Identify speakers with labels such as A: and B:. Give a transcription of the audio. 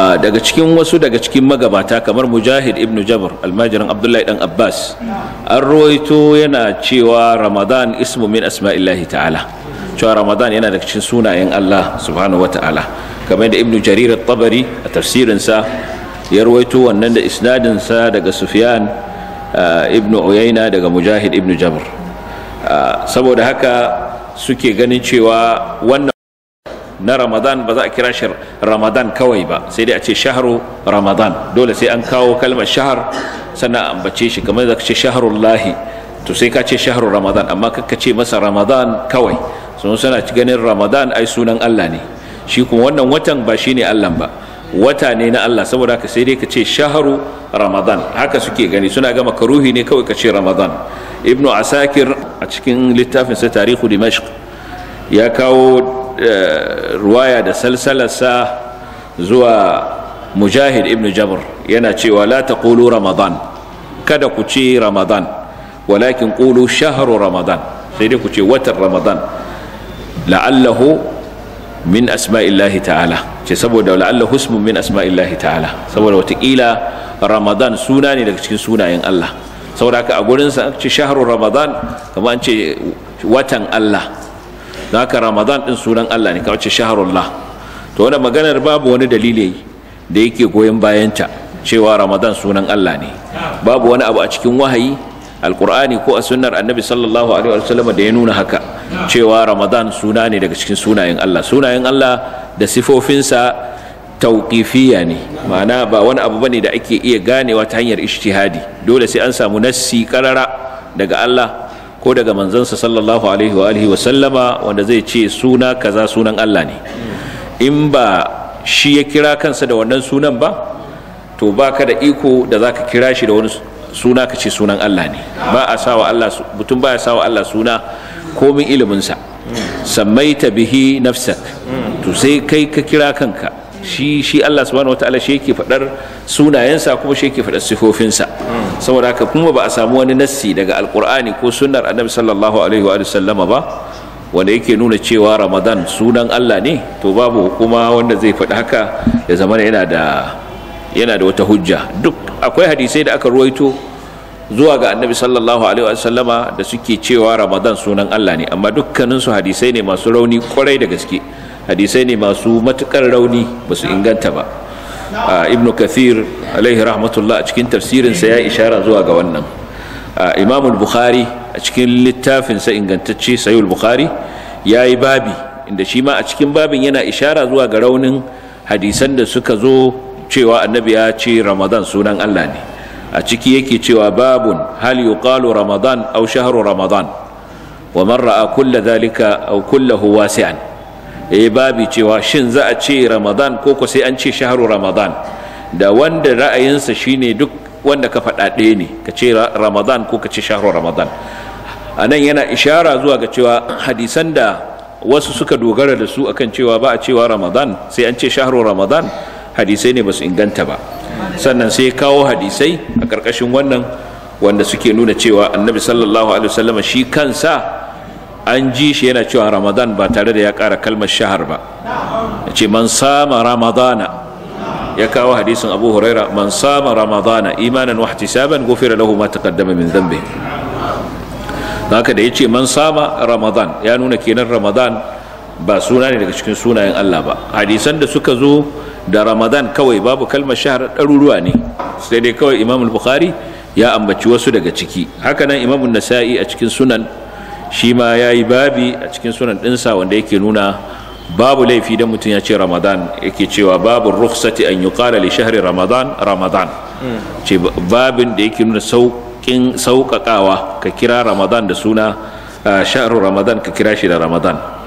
A: Ah, daga cikin wasu daga cikin magabata kamar mujahid ibn jabr almajirin abdullahi dan abbas an ruwaito yana cewa ramadan ismu min asma'illahi ta'ala cewa ramadan yana daga cikin sunayen allah subhanahu ta'ala. kamar da ibn jarir tabari a tafsirinsa ya ruwaito wannan da isnadinsa daga sufyan ah, ibn uyaina daga mujahid ibn Jabir. Ah, saboda haka suke ganin cewa wannan na ramadan ba za a kira shi ramadan kawai ba sai dai a ce shahru ramadan dole sai an kawo kalmar shahar sannan a ambace shi kamar da ce shaharullahi. to sai ka ce shahru ramadan amma ka ce masa ramadan kawai sun suna ganin ramadan ai sunan allah ne shi kuma wannan watan ba shi ne allah ba wata ne na Allah saboda haka sai dai ka ce shaharu ramadan haka suke gani suna ga makaruhi ne kawai ka ce ramadan ibnu asakir a cikin littafin sa tarihu dimashq ya kawo Eh, ruwaya da salsalarsa zuwa mujahid ibn jabr yana cewa la taqulu ramadan kada ku ce ramadan walakin qulu shahru ramadan sai dai ku ce watan ramadan la'allahu min asma'illahi ta'ala ce saboda la'allahu ismun min asma'illahi ta'ala saboda watakila ramadan suna ne daga cikin sunayen Allah saboda haka a gurinsa ce shahru ramadan kamar an ce watan Allah Zaka ramadan din sunan allah ne kawace shaharullah to wani maganar babu wani dalili da yake goyon bayanta cewa ramadan sunan allah ne babu wani abu a cikin wahayi alkur'ani ko a sunnar annabi sallallahu alaihi wasallam da ya nuna haka cewa ramadan suna ne daga cikin sunayen allah sunayen allah da sifofinsa tauƙifiya ne ma'ana ba wani abu bane da ake iya ganewa ta hanyar ishtihadi dole sai an samu nassi karara daga Allah ko daga manzansa sallallahu alaihi wa alihi wa sallama wanda zai ce suna kaza sunan Allah ne in ba shi ya kira kansa da wannan sunan ba to baka da iko da zaka kira shi da wani suna ka ce sunan Allah ne ba a sawa Allah mutum ba ya sawa Allah suna komin iliminsa sammaita bihi nafsak to sai kai ka kira kanka shi shi Allah subhanahu wataala shi yake faɗar sunayensa kuma shi yake faɗar sifofinsa saboda haka kuma ba a samu wani nassi daga alqur'ani ko sunnar annabi sallallahu alaihi wa sallama ba wanda yake nuna cewa ramadan sunan Allah ne to babu kuma wanda zai faɗi haka ya zama yana da yana da wata hujja duk akwai hadisai da aka ruwaito zuwa ga annabi sallallahu alaihi wa sallama da suke cewa ramadan sunan Allah ne amma dukkaninsu hadisai ne masu rauni kwarai da gaske hadisai ne masu matukar rauni ba su inganta ba ibn kathir alaihi rahmatullah a cikin tafsirinsa ya ishara zuwa ga wannan imam bukhari a cikin littafinsa ingantacce sayul bukhari ya yi babi inda shi ma a cikin babin yana ishara zuwa ga raunin hadisan da suka zo cewa annabi ya ce ramadan sunan allah ne a ciki yake cewa babun hal yuqalu ramadan aw shahru ramadan wa man ra'a kulla dhalika aw kullahu wasi'an eh babu cewa shin za a ce ramadan ko ko sai an ce shaharu ramadan da wanda ra'ayinsa shine duk wanda ka faɗa ɗaya ne ka ce ramadan ko ka ce shaharu ramadan a nan yana ishara zuwa ga cewa hadisan da wasu suka dogara da su akan cewa ba a cewa ramadan sai an ce shaharu ramadan hadisai ne ba su inganta ba sannan sai kawo hadisai a ƙarƙashin wannan wanda suke nuna cewa annabi sallallahu alaihi wasallam shi kansa an ji shi yana cewa ramadan ba tare da ya kara kalmar shahar ba ya ce man sama ramadana ya kawo hadisin abu huraira man sama ramadana imanan wa ihtisaban gufira lahu ma taqaddama min dambe. haka da ce man sama ramadan ya nuna kenan ramadan ba suna ne daga cikin sunayen Allah ba hadisan da suka zo da ramadan kawai babu kalmar shahar ɗaruruwa ne sai dai kawai imam bukhari ya ambaci wasu daga ciki hakanan imam nasa'i a cikin sunan shi ma ya yi babi a cikin sunan ɗinsa wanda yake nuna babu laifi don mutum ya ce ramadan yake cewa babu rukhsati an yuqala li shahri ramadan ramadan ce babin da yake nuna sauƙin sauƙaƙawa ka kira ramadan da suna shahru ramadan ka kira shi da ramadan